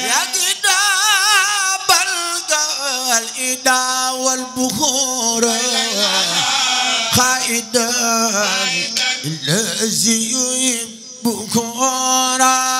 يا كتاب الإداء والبخور قائدا الذي يحب خورا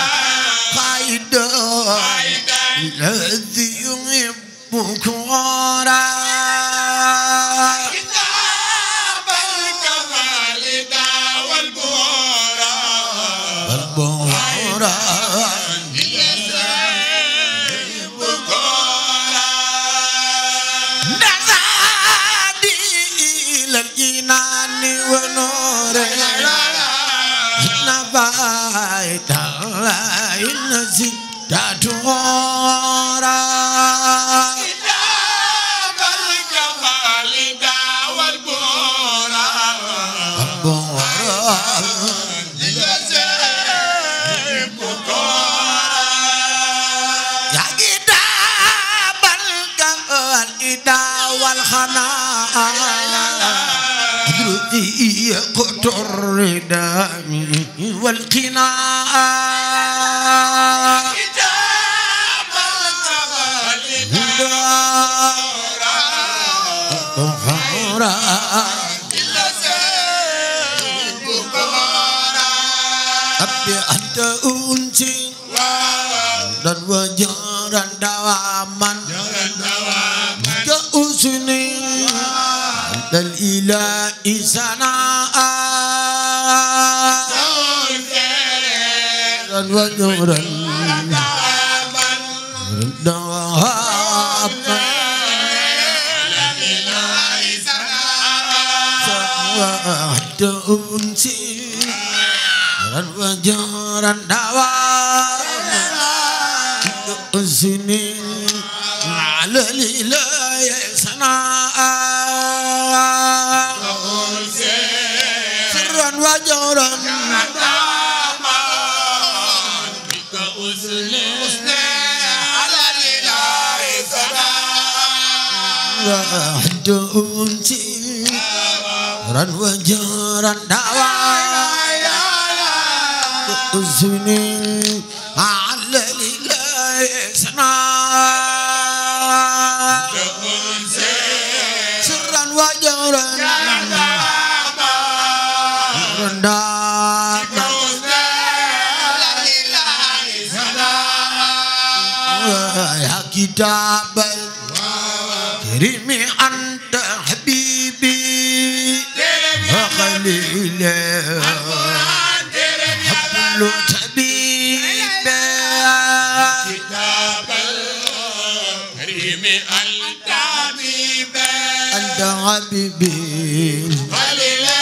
الذي يحبك وراء ونوره نبات الله الذي قطر دامي والقناع Run, run, run. تنسي رنوا جارا دعوة أزني على ليلة يسنا سرا وجارا دعوة حد أنسي سرا وجهرا دعوا أذني على لسنا سرا وجهرا دعوا kitabal kirimi an alquran téere yàlla lu tabibe kitabal karim al tabibe al tabibe xalila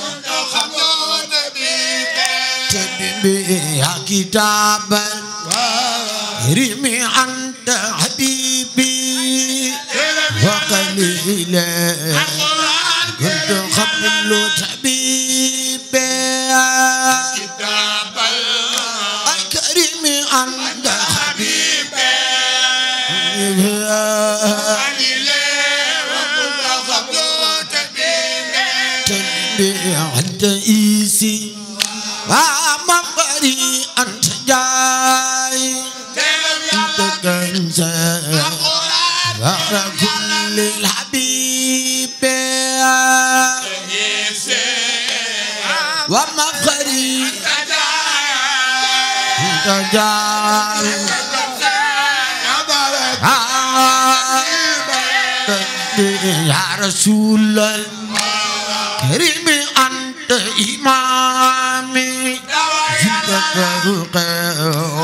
kuntu xamdu tabibe tabibe kitabal karim al tabibe wa qalila kuntu xamdu فكل الحبيب ومخري تجال يا رسول الكريم أنت إمامي زدت فوقه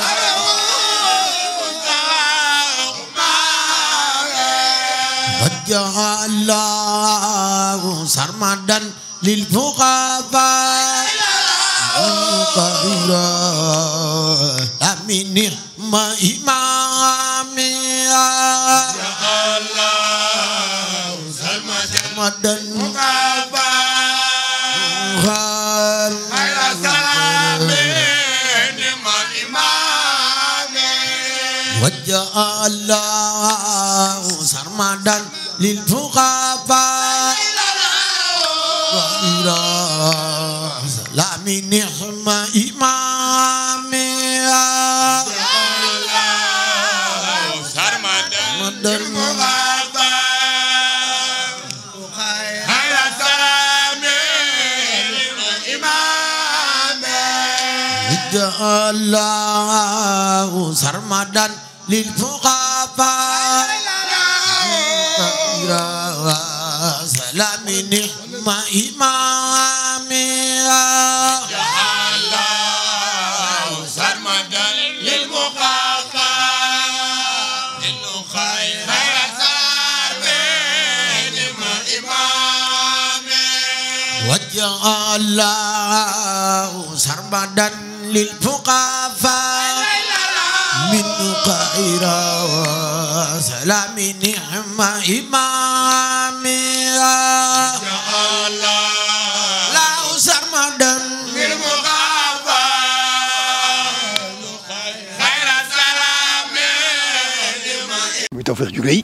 واجعل الله سرمدا للفقراء قديرا من إمامي واجعل الله سرمدا للفقراء وجعل الله سرمدا للفقفاء وإلى سلام نعمة إمامها سرمدا الله سرمدا للفقفاء وسلام نعم إمامي جعل سرمدا للمقاقى إنه خير سلام إمامي وجعل سرمدا للفقفاء من قائرا وسلام نعم إمامي muy Tawfekh jugee yi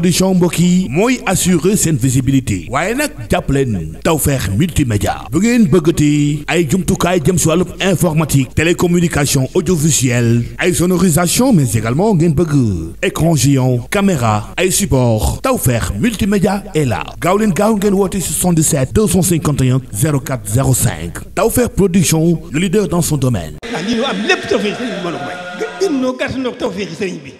production mbokk yi mooy assurer seen visibilité waaye nag jàpp leen Tawfekh multimédia bu ngeen bëggatee ay jumtukaay jëm si wàllu informatique télécommunication audiovisuelle ay sonorisation mais également ngeen bëgg écran géant caméra ay support Tawfekh multimédia est là gaaw leen gaaw ngeen woote 77 251 04 05 Tawfekh production le leader dans son domaine. Ah, am lépp Tawfekh sëriñ bi.